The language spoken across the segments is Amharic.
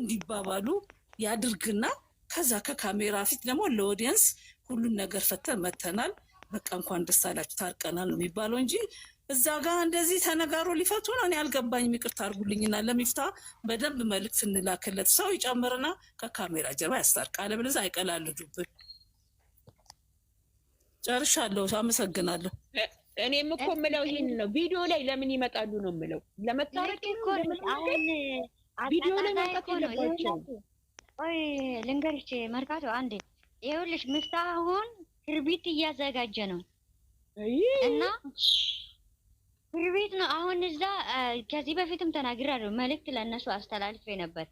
እንዲባባሉ ያድርግና ከዛ ከካሜራ ፊት ደግሞ ለኦዲየንስ ሁሉን ነገር ፈተን መተናል፣ በቃ እንኳን ደስ አላችሁ ታርቀናል ነው የሚባለው እንጂ እዛ ጋር እንደዚህ ተነጋሮ ሊፈቱ ነው። እኔ አልገባኝም። ይቅርታ አድርጉልኝና ለሚፍታ በደንብ መልዕክት እንላክለት። ሰው ይጨምርና ከካሜራ ጀርባ ያስታርቃል። ብለዛ አይቀላልዱብን። ጨርሻለሁ። አመሰግናለሁ። እኔም እኮ የምለው ይሄን ነው። ቪዲዮ ላይ ለምን ይመጣሉ ነው ምለው ለመታረቅ ቪዲዮ ላይ ማውጣት የለባቸውም። ልንገርሽ መርካቶ አንዴ ይኸውልሽ፣ ምፍታህ አሁን ትርቢት እያዘጋጀ ነው እና ትርቢት ነው አሁን እዛ። ከዚህ በፊትም ተናግራለሁ፣ መልእክት ለእነሱ አስተላልፌ ነበር።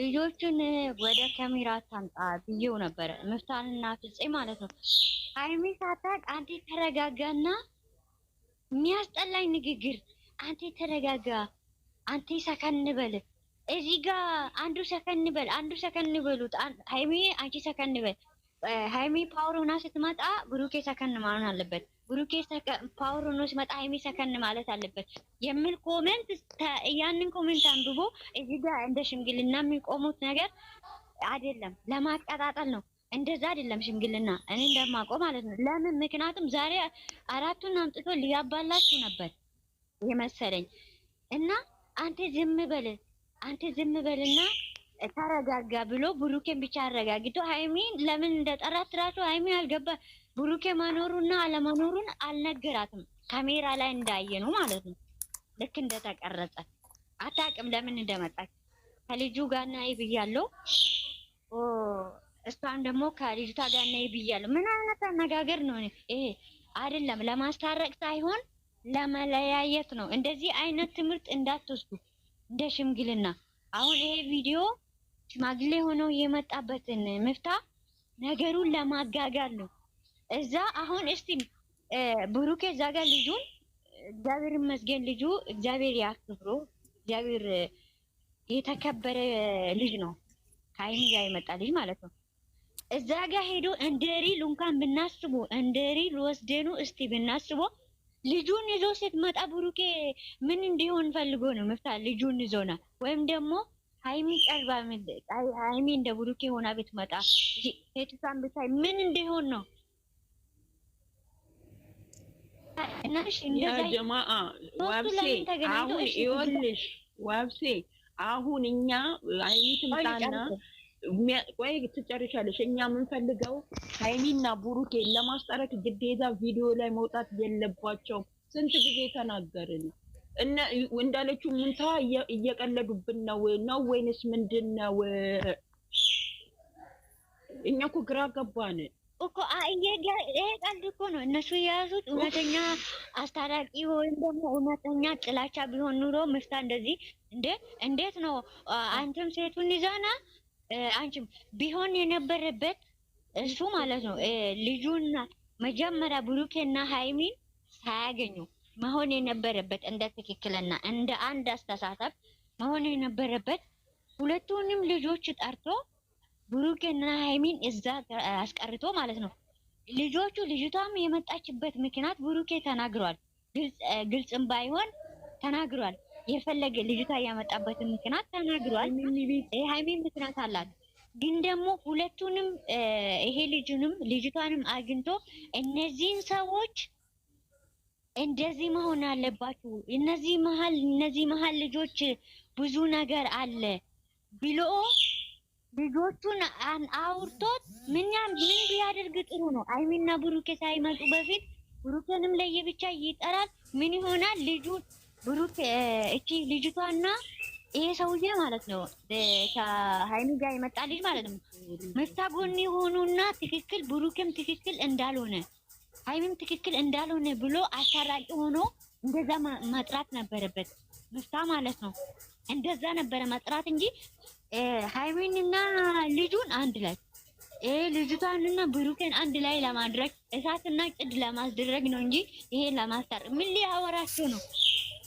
ልጆቹን ወደ ካሜራ ታምጣ ብዬው ነበረ፣ ምፍታንና ፍፄ ማለት ነው። ሀይሚ ሳታቅ አንተ ተረጋጋና፣ የሚያስጠላኝ ንግግር አንተ ተረጋጋ፣ አንተ ሰከን በል እዚህ ጋ አንዱ ሰከን በል አንዱ ሰከን በሉት። ሀይሜ አንቺ ሰከን በል ሀይሜ ፓወር ሆና ስትመጣ ብሩኬ ሰከን ማለት አለበት። ብሩኬ ፓወር ሆኖ ሲመጣ ሀይሜ ሰከን ማለት አለበት የሚል ኮሜንት፣ ያንን ኮሜንት አንብቦ እዚህ ጋ እንደ ሽምግልና የሚቆሙት ነገር አይደለም፣ ለማቀጣጠል ነው። እንደዛ አይደለም ሽምግልና፣ እኔ እንደማቆ ማለት ነው። ለምን? ምክንያቱም ዛሬ አራቱን አምጥቶ ሊያባላችሁ ነበር የመሰለኝ እና አንተ ዝም በል አንተ ዝም በልና ተረጋጋ ብሎ ብሩኬን ብቻ አረጋግቶ ሀይሚን ለምን እንደጠራት ራሱ ሀይሚ አልገባ ብሩኬ መኖሩና አለመኖሩን አልነገራትም። ካሜራ ላይ እንዳየ ነው ማለት ነው። ልክ እንደተቀረጸ አታውቅም ለምን እንደመጣች ከልጁ ጋር ነይ ብያለሁ፣ እሷን ደግሞ ከልጅቷ ጋር ነይ ብያለሁ። ምን አይነት አነጋገር ነው ይሄ? አይደለም ለማስታረቅ ሳይሆን ለመለያየት ነው። እንደዚህ አይነት ትምህርት እንዳትወስዱ። እንደ ሽምግልና አሁን ይሄ ቪዲዮ ሽማግሌ ሆኖ የመጣበትን ምፍታ ነገሩን ለማጋጋል ነው። እዛ አሁን እስቲ ብሩኬ እዛ ጋር ልጁን እግዚአብሔር ይመስገን ልጁ እግዚአብሔር ያክብሮ እግዚአብሔር የተከበረ ልጅ ነው። ከአይሚ ጋር የመጣ ልጅ ማለት ነው። እዛ ጋር ሄዶ እንደሪ እንኳን ብናስቡ እንደሪ ወስደኑ እስቲ ብናስቦ ልጁን ይዞ ስትመጣ ብሩኬ ምን እንዲሆን ፈልጎ ነው መፍታ ልጁን ይዞና ወይም ደግሞ ሀይሚ ቀርባ ሀይሚ እንደ ብሩኬ ሆና ብትመጣ ሴቱሳን ብታይ ምን እንዲሆን ነው? ጀማ ዋብሴ አሁን ይኸውልሽ፣ ዋብሴ አሁን እኛ አይኒ ትምጣና ቆይ ትጨርሻለሽ። እኛ የምንፈልገው ሀይሚና ቡሩኬን ለማስጠረቅ ግዴታ ቪዲዮ ላይ መውጣት የለባቸውም። ስንት ጊዜ ተናገርን። እንዳለችው ምንታ እየቀለዱብን ነው ነው ወይንስ ምንድን ነው? እኛ እኮ ግራ ገባን እኮ ቀልድ እኮ ነው እነሱ የያዙት። እውነተኛ አስታራቂ ወይም ደግሞ እውነተኛ ጥላቻ ቢሆን ኑሮ ምፍታ እንደዚህ እንዴ! እንዴት ነው አንተም ሴቱን ይዛና አንቺም ቢሆን የነበረበት እሱ ማለት ነው ልጁና መጀመሪያ ብሩኬና ሃይሚን ሳያገኙ መሆን የነበረበት እንደ ትክክልና እንደ አንድ አስተሳሰብ መሆን የነበረበት ሁለቱንም ልጆች ጠርቶ ብሩኬና ሃይሚን እዛ አስቀርቶ ማለት ነው። ልጆቹ ልጅቷም የመጣችበት ምክንያት ብሩኬ ተናግሯል፣ ግልጽም ባይሆን ተናግሯል። የፈለገ ልጅቷ ያመጣበትን ምክንያት ተናግሯል። ሀይሜን ምክንያት አላት። ግን ደግሞ ሁለቱንም ይሄ ልጁንም ልጅቷንም አግኝቶ እነዚህን ሰዎች እንደዚህ መሆን አለባችሁ፣ እነዚህ መሀል እነዚህ መሀል ልጆች ብዙ ነገር አለ ብሎ ልጆቹን አውርቶት ምንም ምን ቢያደርግ ጥሩ ነው? አይሚና ብሩኬ ሳይመጡ በፊት ብሩኬንም ለየብቻ ይጠራል። ምን ይሆናል ልጁ ብሩክ እቺ ልጅቷና ይሄ ሰውዬ ማለት ነው ከሀይሚ ጋር የመጣ ልጅ ማለት ነው መታ ጎን የሆኑና ትክክል ብሩክም ትክክል እንዳልሆነ ሀይሚም ትክክል እንዳልሆነ ብሎ አሳራቂ ሆኖ እንደዛ መጥራት ነበረበት። መፍታ ማለት ነው እንደዛ ነበረ መጥራት እንጂ ሀይሚንና ልጁን አንድ ላይ ልጅቷንና ብሩክን አንድ ላይ ለማድረግ እሳትና ጭድ ለማስደረግ ነው እንጂ ይሄን ለማስታር ምን ሊያወራቸው ነው?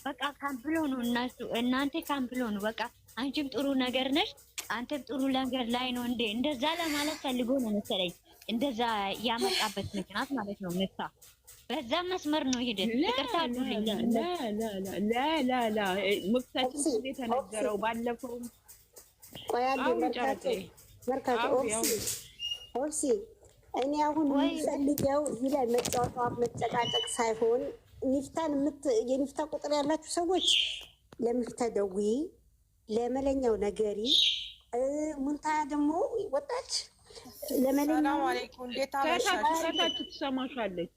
በቃ ካምፕሎ ነው እናሱ እናንተ ካምፕሎ ነው በቃ አንቺም ጥሩ ነገር ነሽ፣ አንተም ጥሩ ነገር ላይ ነው እንዴ እንደዛ ለማለት ፈልጎ ነው መሰለኝ። እንደዛ ያመጣበት ምክንያት ማለት ነው ምታ በዛ መስመር ነው ሄደ። ይቅርታ አሉልኝ ላላላ መብታችን ስለ የተነገረው ባለፈው ቆያሉ መርካቶ መርካቶ ኦፕሲ ኦፕሲ እኔ አሁን የሚፈልገው እዚህ ላይ መጫወት መጨቃጨቅ ሳይሆን ኒፍታን ምት የኒፍታ ቁጥር ያላችሁ ሰዎች ለሚፍታ ደዊ ለመለኛው ነገሪ። ሙንታ ደግሞ ወጣች። ለመለኛው ከታች ትሰማሻለች።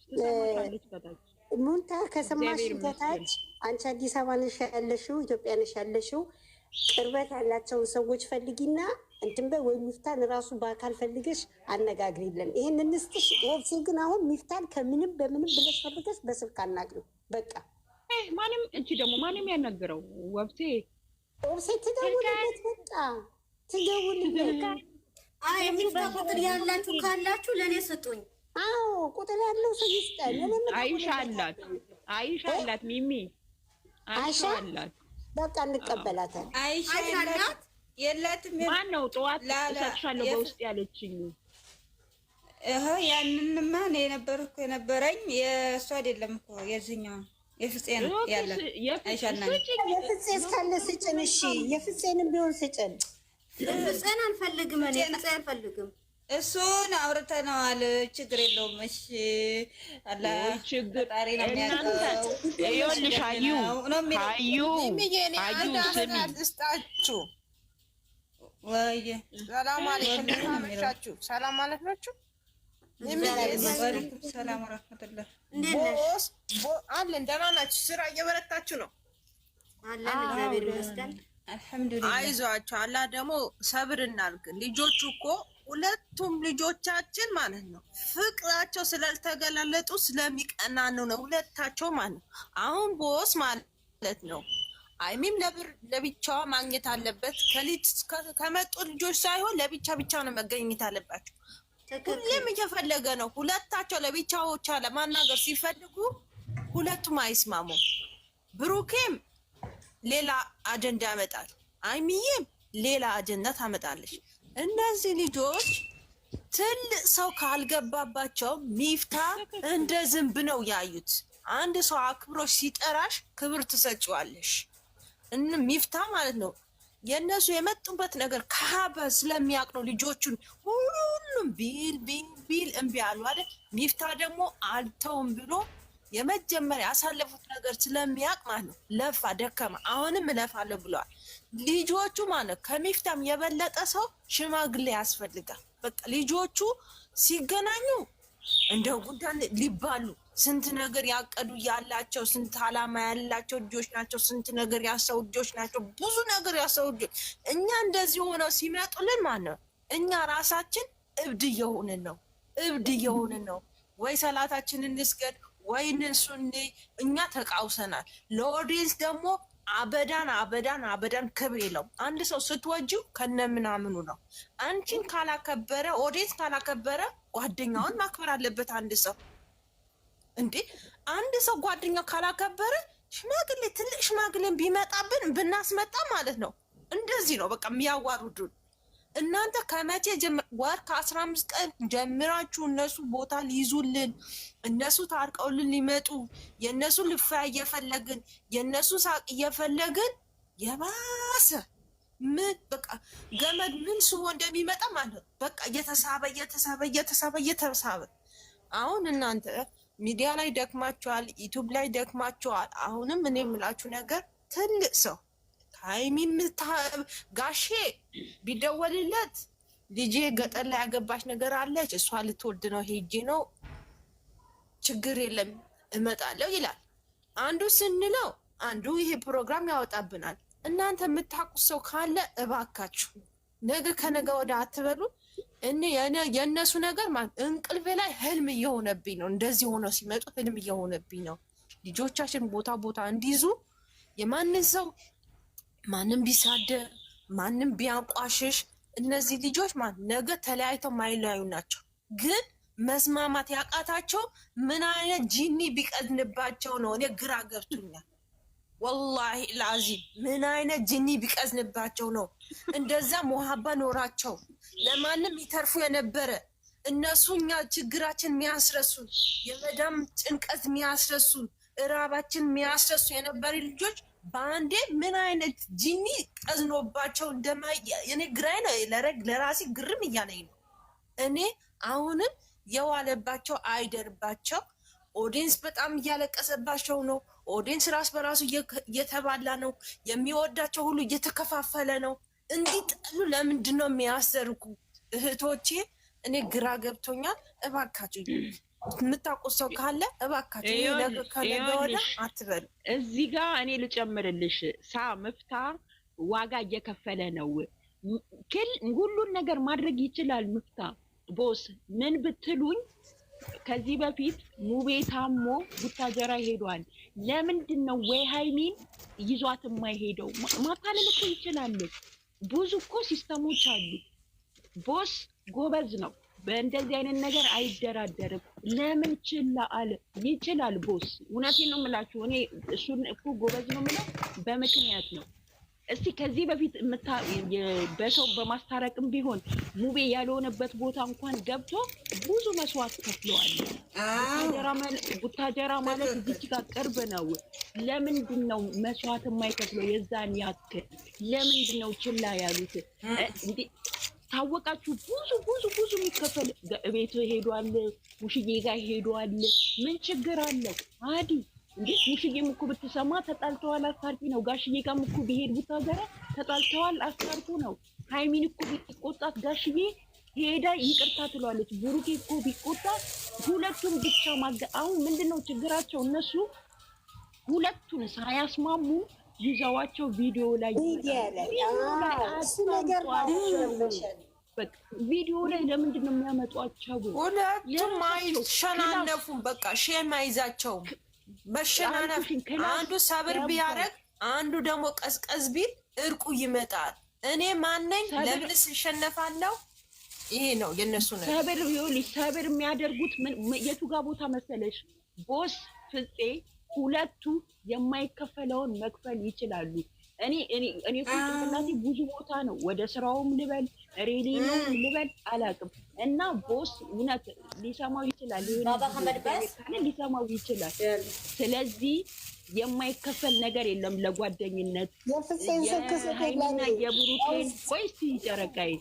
ሙንታ ከሰማሽ ከታች አንቺ አዲስ አበባ ነሽ ያለሽው፣ ኢትዮጵያ ነሽ ያለሽው ቅርበት ያላቸውን ሰዎች ፈልጊና እንትን በይ ወይ ሚፍታን ራሱ በአካል ፈልገሽ አነጋግሪልን። ይህን እንስጥሽ ወብሴ ግን አሁን ሚፍታን ከምንም በምንም ብለሽ ፈልገሽ በስልክ አናግሪው። በቃ ማንም እንቺ ደግሞ ማንም ያናገረው ወብሴ ወብሴ ትደውልበት፣ በቃ አይ ሚፍታ ቁጥር ያላችሁ ካላችሁ ለእኔ ስጡኝ። አዎ ቁጥር ያለው ሰው ይስጠን። አይሻ አላት፣ አይሻ አላት፣ ሚሚ አይሻ አላት በቃ እንቀበላታል። አይሻናት የለትም። ማን ነው ጠዋት እሰጥሻለሁ በውስጥ ያለችኝ? እህ ያንንማ እኔ የነበርኩ የነበረኝ የእሱ አይደለም እኮ የዚህኛውን የፍፄ ያለ የፍፄ እስካለ ስጭን። እሺ የፍፄንም ቢሆን ስጭን። ፍፄን አንፈልግም፣ እኔ ፍፄ አልፈልግም እሱን አውርተነዋል። ችግር የለውም። እሺ አላ ይኸውልሽ አዩ አዩ አዩ ስሚ ሰላም ማለት ናችሁ። ስራ ነው አይዟችሁ። አላህ ደግሞ ሰብር እናድርግ። ልጆቹ እኮ ሁለቱም ልጆቻችን ማለት ነው ፍቅራቸው ስላልተገላለጡ ስለሚቀና ነው ነው ሁለታቸው ማለት ነው። አሁን ቦስ ማለት ነው አይሚም ለብር ለብቻዋ ማግኘት አለበት። ከልጅ ከመጡ ልጆች ሳይሆን ለብቻ ብቻ ነው መገኘት አለባቸው። ሁሌም እየፈለገ ነው። ሁለታቸው ለብቻዎቻ ለማናገር ሲፈልጉ ሁለቱም አይስማሙም። ብሩኬም ሌላ አጀንዳ ያመጣል፣ አይሚዬም ሌላ አጀንዳ ታመጣለች። እነዚህ ልጆች ትልቅ ሰው ካልገባባቸው ሚፍታ እንደ ዝንብ ነው ያዩት። አንድ ሰው አክብሮች ሲጠራሽ ክብር ትሰጪዋለሽ። ሚፍታ ማለት ነው የእነሱ የመጡበት ነገር ከሀበ ስለሚያውቅ ነው። ልጆቹን ሁሉም ቢል ቢል ቢል እምቢ አሉ አይደል? ሚፍታ ደግሞ አልተውም ብሎ የመጀመሪያ ያሳለፉት ነገር ስለሚያውቅ ማለት ነው። ለፋ ደከማ፣ አሁንም እለፋለሁ ብለዋል። ልጆቹ ማለት ከሚፍታም የበለጠ ሰው ሽማግሌ ያስፈልጋል። በቃ ልጆቹ ሲገናኙ እንደ ጉዳን ሊባሉ ስንት ነገር ያቀዱ ያላቸው ስንት አላማ ያላቸው ልጆች ናቸው። ስንት ነገር ያሰው ልጆች ናቸው። ብዙ ነገር ያሰው ልጆች እኛ እንደዚህ ሆነው ሲመጡልን ማለት እኛ ራሳችን እብድ እየሆንን ነው። እብድ እየሆንን ነው። ወይ ሰላታችን እንስገድ ወይ እነሱ እኛ ተቃውሰናል። ለኦዲንስ ደግሞ አበዳን አበዳን አበዳን ክብር የለው። አንድ ሰው ስትወጁ ከነ ምናምኑ ነው። አንቺን ካላከበረ ኦዴት ካላከበረ ጓደኛውን ማክበር አለበት። አንድ ሰው እንዴ አንድ ሰው ጓደኛው ካላከበረ ሽማግሌ ትልቅ ሽማግሌን ቢመጣብን ብናስመጣ ማለት ነው። እንደዚህ ነው በቃ የሚያዋሩዱን። እናንተ ከመቼ ወር ከአስራ አምስት ቀን ጀምራችሁ እነሱ ቦታ ሊይዙልን እነሱ ታርቀውልን ሊመጡ የእነሱ ልፋያ እየፈለግን የእነሱ ሳቅ እየፈለግን የባሰ ምን በቃ ገመድ ምን ስቦ እንደሚመጣ ማለት በቃ እየተሳበ እየተሳበ እየተሳበ እየተሳበ አሁን እናንተ ሚዲያ ላይ ደክማችኋል፣ ዩቱብ ላይ ደክማችኋል። አሁንም እኔ የምላችሁ ነገር ትልቅ ሰው ታይሚ ጋሼ ቢደወልለት ልጄ ገጠር ላይ ያገባች ነገር አለች፣ እሷ ልትወልድ ነው፣ ሄጄ ነው፣ ችግር የለም እመጣለሁ ይላል። አንዱ ስንለው አንዱ ይሄ ፕሮግራም ያወጣብናል። እናንተ የምታውቁት ሰው ካለ እባካችሁ ነገ ከነገ ወደ አትበሉ። የእነሱ ነገር ማለት እንቅልፌ ላይ ህልም እየሆነብኝ ነው። እንደዚህ ሆነው ሲመጡ ህልም እየሆነብኝ ነው። ልጆቻችን ቦታ ቦታ እንዲይዙ የማንን ሰው ማንም ቢሳደብ ማንም ቢያንቋሽሽ እነዚህ ልጆች ማለት ነገ ተለያይተው ማይለያዩ ናቸው። ግን መስማማት ያቃታቸው ምን አይነት ጂኒ ቢቀዝንባቸው ነው? እኔ ግራ ገብቶኛል። ወላሂ ለአዚም ምን አይነት ጂኒ ቢቀዝንባቸው ነው እንደዛ ሞሀባ ኖራቸው ለማንም ይተርፉ የነበረ እነሱ እኛ ችግራችን የሚያስረሱን የመዳም ጭንቀት የሚያስረሱን እራባችን የሚያስረሱ የነበረ ልጆች በአንዴ ምን አይነት ጂኒ ቀዝኖባቸው እንደማያ እኔ ግራይ ነው ለረግ ለራሴ ግርም እያለኝ ነው። እኔ አሁንም የዋለባቸው አይደርባቸው። ኦዲንስ በጣም እያለቀሰባቸው ነው። ኦዲንስ ራስ በራሱ እየተባላ ነው። የሚወዳቸው ሁሉ እየተከፋፈለ ነው። እንዲጠሉ ለምንድን ነው የሚያሰርጉ? እህቶቼ እኔ ግራ ገብቶኛል። እባካቸው የምታውቁት ሰው ካለ እባካችሁ ከነገ ወዲያ አትበሉ። እዚህ ጋር እኔ ልጨምርልሽ ሳ ምፍታ ዋጋ እየከፈለ ነው። ክል ሁሉን ነገር ማድረግ ይችላል ምፍታ ቦስ። ምን ብትሉኝ ከዚህ በፊት ሙቤ ታሞ ቡታጀራ ሄዷል። ለምንድን ነው ወይ ሀይሚን ይዟት የማይሄደው? ማታለል እኮ ይችላለች። ብዙ እኮ ሲስተሞች አሉ። ቦስ ጎበዝ ነው። በእንደዚህ አይነት ነገር አይደራደርም። ለምን ችላ አለ? ይችላል ቦስ፣ እውነቴን ነው የምላችሁ። እኔ እሱን እኮ ጎበዝ ነው የምለው በምክንያት ነው። እስቲ ከዚህ በፊት በሰው በማስታረቅም ቢሆን ሙቤ ያልሆነበት ቦታ እንኳን ገብቶ ብዙ መስዋዕት ከፍለዋል። ቡታጀራ ማለት እዚች ጋር ቅርብ ነው። ለምንድን ነው መስዋዕት የማይከፍለው? የዛን ያክል ለምንድን ነው ችላ ያሉት? ታወቃችሁ ብዙ ብዙ ብዙ የሚከፈል ቤት ሄዷል፣ ውሽዬ ጋር ሄዷል። ምን ችግር አለው? አዲ እንዴት ውሽዬም እኮ ብትሰማ ተጣልተዋል፣ አስታርቂ ነው። ጋሽዬ ጋም እኮ ቢሄድ ቡታገራ ተጣልተዋል፣ አስታርቁ ነው። ሀይሚን እኮ ቢቆጣት ጋሽዬ ሄዳ ይቅርታ ትሏለች። ብሩኬ እኮ ቢቆጣ ሁለቱም ብቻ ማገ አሁን ምንድን ነው ችግራቸው? እነሱ ሁለቱን ሳያስማሙ ይዘዋቸው ቪዲዮ ላይ ቪዲዮ ላይ ለምንድን ነው የሚያመጧቸው? ሁለቱም አይሸናነፉም። በቃ ሼም አይዛቸውም። መሸናነፍ አንዱ ሰብር ቢያደርግ አንዱ ደግሞ ቀዝቀዝ ቢል እርቁ ይመጣል። እኔ ማነኝ? ለምንስ እሸነፋለሁ? ይሄ ነው የነሱ ነ ሰብር ሰብር የሚያደርጉት የቱጋ ቦታ መሰለሽ ቦስ ፍፄ ሁለቱ የማይከፈለውን መክፈል ይችላሉ። እኔ እኔ እኮ ጭንቅላቴ ብዙ ቦታ ነው። ወደ ስራውም ልበል ሬሌ ነው ልበል አላውቅም። እና ቦስ እውነት ሊሰማው ይችላል ሊሰማው ይችላል። ስለዚህ የማይከፈል ነገር የለም ለጓደኝነት የሃይሚና የብሩኬን ቆይ እስኪ ጨረቃዬ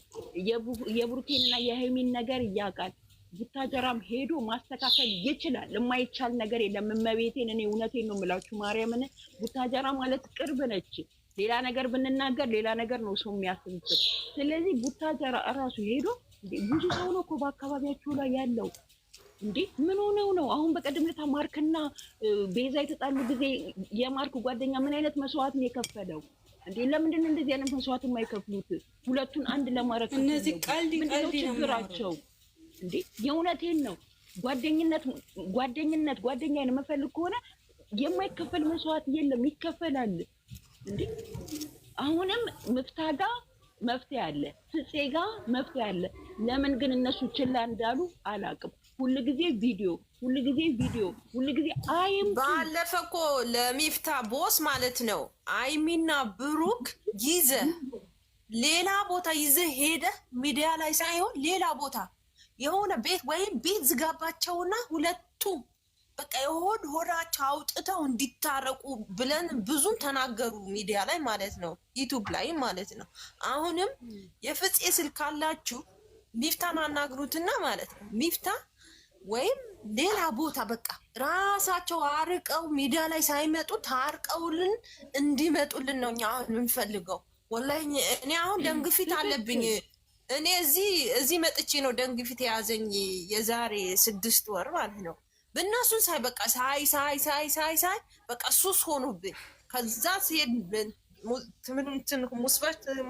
የብሩኬንና የሃይሚን ነገር እያውቃል ቡታጀራም ሄዶ ማስተካከል ይችላል። የማይቻል ነገር የለም። እመቤቴን እኔ እውነቴን ነው የምላችሁ። ማርያምን ቡታጀራ ማለት ቅርብ ነች። ሌላ ነገር ብንናገር ሌላ ነገር ነው ሰው የሚያስብበት። ስለዚህ ቡታጀራ እራሱ ሄዶ ብዙ ሰው ነው እኮ ላይ ያለው እንዴ ምን ሆነው ነው? አሁን በቀደም ዕለት ማርክና ቤዛ የተጣሉ ጊዜ የማርክ ጓደኛ ምን አይነት መስዋዕት ነው የከፈለው? እንዴ ለምንድን ነው እንደዚህ አይነት መስዋዕት የማይከፍሉት? ሁለቱን አንድ ለማድረግ እነዚህ ቀልድ ቀልድ ነው ችግራቸው። እንዴ የእውነቴን ነው። ጓደኝነት ጓደኝነት ጓደኛዬን የምፈልግ ከሆነ የማይከፈል መስዋዕት የለም፣ ይከፈላል። እንዴ አሁንም መፍትሄ ጋ መፍትሄ አለ፣ ፍፄ ጋ መፍትሄ አለ። ለምን ግን እነሱ ችላ እንዳሉ አላውቅም። ሁል ጊዜ ቪዲዮ ሁል ጊዜ ቪዲዮ ሁል ጊዜ አይም ባለፈ እኮ ለሚፍታ ቦስ ማለት ነው አይሚና ብሩክ ይዘህ ሌላ ቦታ ይዘህ ሄደህ ሚዲያ ላይ ሳይሆን ሌላ ቦታ የሆነ ቤት ወይም ቤት ዝጋባቸውና ሁለቱ በቃ የሆድ ሆዳቸው አውጥተው እንዲታረቁ ብለን ብዙ ተናገሩ፣ ሚዲያ ላይ ማለት ነው፣ ዩቱብ ላይ ማለት ነው። አሁንም የፍፄ ስልክ ካላችሁ ሚፍታን አናግሩትና ማለት ነው ሚፍታ ወይም ሌላ ቦታ በቃ ራሳቸው አርቀው ሚዲያ ላይ ሳይመጡ ታርቀውልን እንዲመጡልን ነው እኛ አሁን የምንፈልገው። ወላሂ እኔ አሁን ደንግፊት አለብኝ። እኔ እዚህ እዚህ መጥቼ ነው ደንግ ፊት የያዘኝ የዛሬ ስድስት ወር ማለት ነው። በእነሱን ሳይ በቃ ሳይ ሳይ ሳይ ሳይ ሳይ በቃ ሱስ ሆኑብኝ። ከዛ ሲሄድ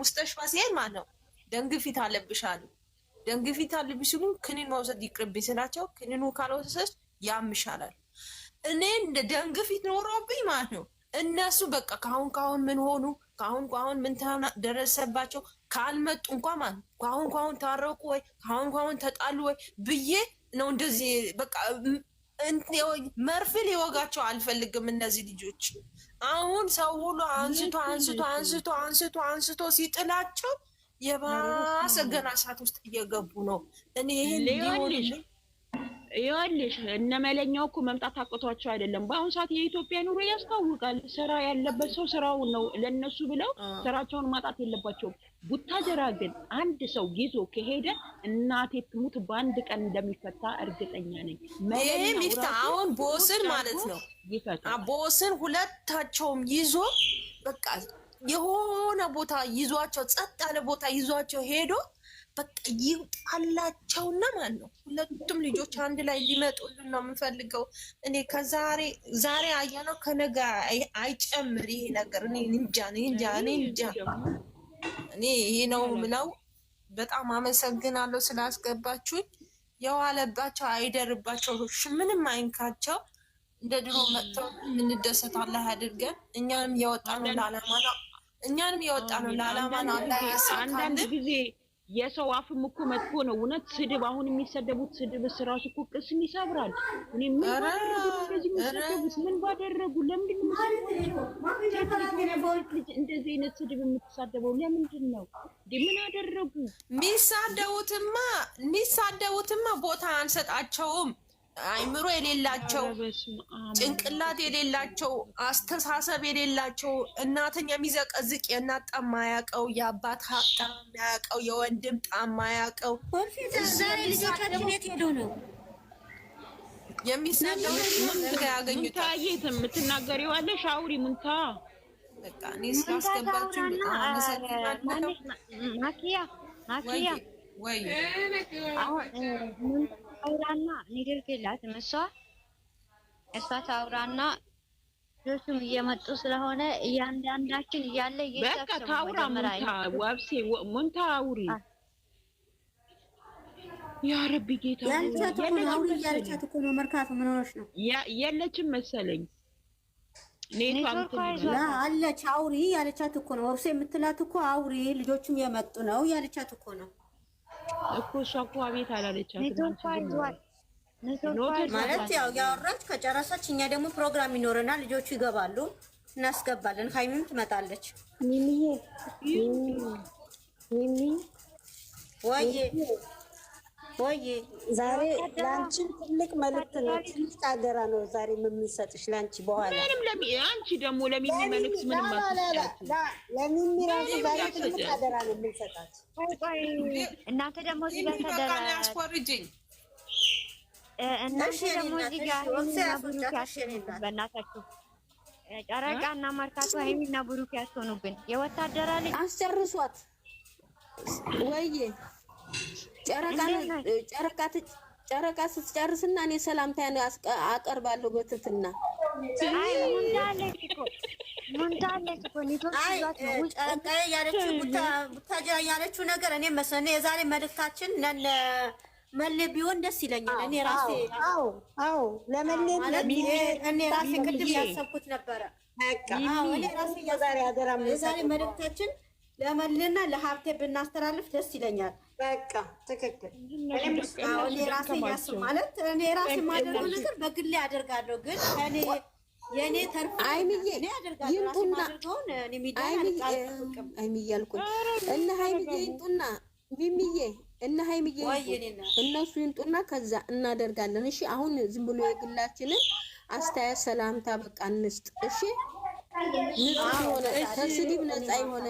ሙስተሽፋ ሲሄድ ማለት ነው ደንግ ፊት አለብሽ አሉ። ደም ግፊት አለብሽ ሲሉ ክኒን መውሰድ ይቅርብኝ ስላቸው ክኒኑ ካልወሰሰች ያምሻላል። እኔ እንደ ደንግ ፊት ኖረብኝ ማለት ነው። እነሱ በቃ ካሁን ካሁን ምን ሆኑ፣ ካሁን ካሁን ምን ደረሰባቸው ካልመጡ እንኳ ማለት ካሁን ካሁን ታረቁ ወይ ካሁን ካሁን ተጣሉ ወይ ብዬ ነው እንደዚህ በቃ መርፌ ሊወጋቸው አልፈልግም። እነዚህ ልጆች አሁን ሰው ሁሉ አንስቶ አንስቶ አንስቶ አንስቶ አንስቶ ሲጥላቸው የባሰ ገና እሳት ውስጥ እየገቡ ነው። እኔ ይኸውልሽ እነ መለኛው እኮ መምጣት አቅቷቸው አይደለም። በአሁኑ ሰዓት የኢትዮጵያ ኑሮ ያስታውቃል። ስራ ያለበት ሰው ስራውን ነው። ለእነሱ ብለው ስራቸውን ማጣት የለባቸውም። ቡታጀራ ግን አንድ ሰው ይዞ ከሄደ እናቴ ትሙት በአንድ ቀን እንደሚፈታ እርግጠኛ ነኝ። ይህ ሚፍታ አሁን ቦስን ማለት ነው ቦስን ሁለታቸውም ይዞ በቃ የሆነ ቦታ ይዟቸው ጸጥ ያለ ቦታ ይዟቸው ሄዶ በቃ ይውጣላቸውና ማለት ነው። ሁለቱም ልጆች አንድ ላይ ሊመጡልን ነው የምፈልገው እኔ ከዛሬ ዛሬ አያነው ከነገ አይጨምር ይሄ ነገር እኔ እንጃ እኔ እንጃ እኔ እንጃ እኔ ይሄ ነው ምለው። በጣም አመሰግናለሁ ስላስገባችሁኝ። የዋለባቸው አይደርባቸው፣ ምንም አይንካቸው። እንደ ድሮ መጥተው የምንደሰት አላህ ያድርገን። እኛንም የወጣ ነው ለዓላማ ነው። እኛንም የወጣ ነው ለዓላማ ነው። አንዳንድ ጊዜ የሰው አፍም እኮ መጥፎ ነው። እውነት ስድብ አሁን የሚሰደቡት ስድብ እራሱ እኮ ቅስም ይሰብራል። እኔ ምን ባደረጉት እንደዚህ የሚሰደቡት ምን ባደረጉ? ለምንድን ነው እንደዚህ አይነት ስድብ የምትሳደበው? ለምንድን ነው ምን አደረጉ? የሚሳደቡትማ የሚሳደቡትማ ቦታ አንሰጣቸውም አይምሮ የሌላቸው ጭንቅላት የሌላቸው አስተሳሰብ የሌላቸው እናትን የሚዘቀዝቅ የእናት ጣም ማያውቀው የአባት ጣም ማያውቀው የወንድም ጣም ማያውቀው የሚሰለው ያገኙታል። የምትናገሪው አለሽ አውሪ ሙንታ በቃ እኔ ስላስገባችሁ ማኪያ ማኪያ ወይ አውራና ንድርክ የላትም እሷ እሷ ታውራና ልጆቹም እየመጡ ስለሆነ እያንዳንዳችን እያለ በቃ ታውራ ዋብሴ ሞንታ አውሪ ያ ረቢ ጌታ ያለቻት እኮ ነው። መርካቶ ምን ሆነሽ ነው? የለችም መሰለኝ አለች። አውሪ ያለቻት እኮ ነው። ወብሴ የምትላት እኮ አውሪ ልጆቹም የመጡ ነው ያለቻት እኮ ነው። እኮ እሷ እኮ አቤት አላለቻት ማለት ያው ያወራች ከጨረሰች፣ እኛ ደግሞ ፕሮግራም ይኖረናል። ልጆቹ ይገባሉ፣ እናስገባለን። ሀይሚም ትመጣለች። ሚሚ ሚሚ ወይ ወይ ዛሬ ለአንቺን ትልቅ መልእክት ነው፣ ትልቅ አደራ ነው ዛሬ የምንሰጥሽ ለአንቺ። በኋላ ምንም ለሚ አንቺ ደግሞ ለሚሚ መልእክት ምንም ማለት ለሚሚ ራሱ ዛሬ ትልቅ አደራ ነው የምንሰጣት። እናንተ ደግሞ እዚህ ጋር ተደራ ያስፈርጅኝ። እናንተ ደግሞ እዚህ ጋር ብሩክ ያስሆኑብን፣ በእናታችሁ ጨረቃ እና መርካቶ ሀይሚና ብሩክ ያስሆኑብን። የወታደራ ልጅ አስጨርሷት ወይ ጨረቃ ስትጨርስና እኔ ሰላምታ አቀርባለሁ በትትና ቡታጅራ ያለችው ነገር እኔ መሰለኝ የዛሬ መልእክታችን መሌ ቢሆን ደስ ይለኛል። እኔ ራሴ አዎ ለመሌ እኔ ራሴ ቅድም ያሰብኩት ነበረ። እኔ ራሴ የዛሬ መልእክታችን ለመሌና ለሀብቴ ብናስተላልፍ ደስ ይለኛል። በቃ ትክክል። እኔ ራሴ ያስ ማለት እኔ ራሴ የማደርገው ነገር በግሌ አደርጋለሁ፣ ግን እኔ የእኔ ተርፍ እነ ሀይምዬ ይንጡና ሚሚዬ እነ ሀይምዬ እነሱ ይንጡና ከዛ እናደርጋለን። እሺ አሁን ዝም ብሎ የግላችንን አስተያየት ሰላምታ በቃ እንስጥ። እሺ ንጹህ የሆነ ከስድብ ነፃ የሆነ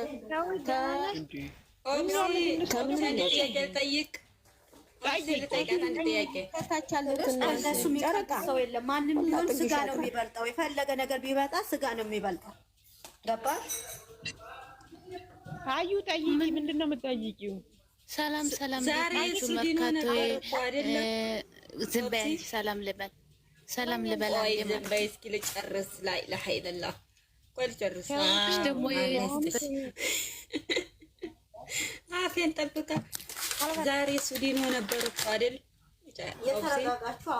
ሰው የለም። ማንም ቢሆን ስጋ ነው የሚበልጠው። የፈለገ ነገር ቢበጣ ስጋ ነው የሚበልጠው። ገባ አዩ? ጠይቂ። ምንድን ነው የምጠይቂው? ሰላም ሰላም፣ ዝም በይ። ሰላም ልበል፣ ሰላም ልበል። ዝም እስኪ ልጨርስ። ላይ ለሀይለላ ቆይ ልጨርስ ደግሞ አፌን ጠብቀ ዛሬ ሱዲኖ ነበር እኮ አይደል? የተረጋጋችሁ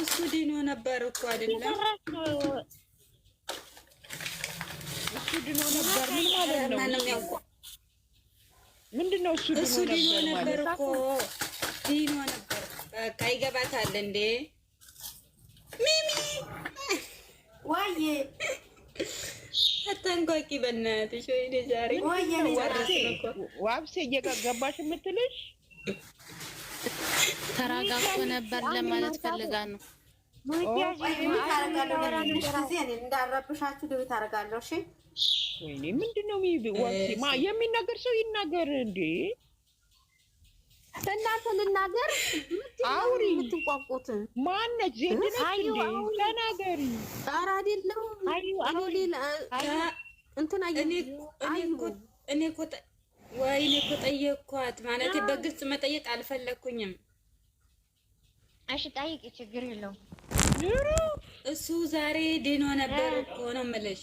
እሱ ድኖ ነበር እኮ አይደለም? እሱ ድኖ ነበር እኮ ድኖ ነበር። በቃ ይገባታል እንዴ? ሚሚ ዋዬ አታንኳቂ በእናትሽ። ወይኔ ዛሬ ዋብሴ እየገባሽ የምትልሽ ነበር ለማለት ፈልጋ ነው። ወይኔ ምንድን ነው የሚናገር ሰው ይናገር እንዴ? እናንተ ልናገር አውሪ የምትንቋቁት ማነች? ተናገሪ። ኧረ አይደለም እንትን እኔ እኮ ወይኔ እኮ ማለት በግልጽ መጠየቅ አልፈለግኩኝም። እሺ ጠይቂ፣ ችግር የለውም። እሱ ዛሬ ድኖ ነበር እኮ ነው የምልሽ